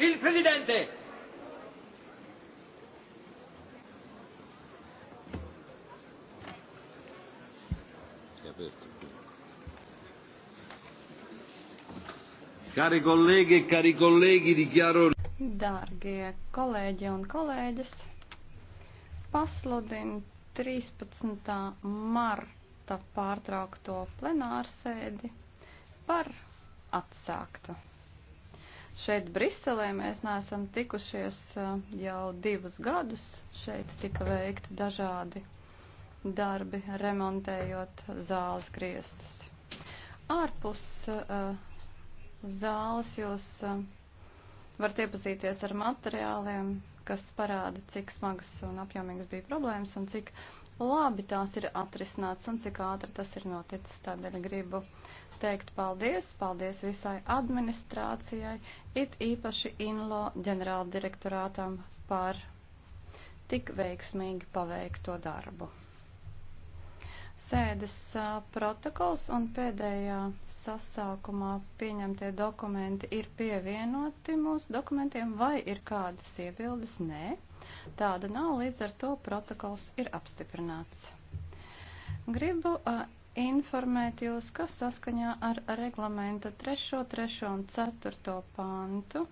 Il Presidente! Cari colleghi e cari colleghi, dichiaro. Dārgie kolēģi un kolēģis, pasludinu 13. marta pārtraukto plenārsēdi par atsāktu. Šeit Briselē mēs neesam tikušies jau divus gadus. Šeit tika veikti dažādi darbi, remontējot zāles griestus. Ārpus uh, zāles jūs uh, varat iepazīties ar materiāliem, kas parāda, cik smagas un apjomīgas bija problēmas un cik labi tās ir atrisināts un cik ātri tas ir noticis. Tādēļ gribu teikt paldies, paldies visai administrācijai, it īpaši INLO ģenerāldirektorātam par tik veiksmīgi paveikto darbu sēdes protokols un pēdējā sasaukumā pieņemtie dokumenti ir pievienoti mūsu dokumentiem vai ir kādas iebildes? Nē, tāda nav, līdz ar to protokols ir apstiprināts. Gribu uh, informēt jūs, ka saskaņā ar reglamenta 3, 3 un 4 pāntu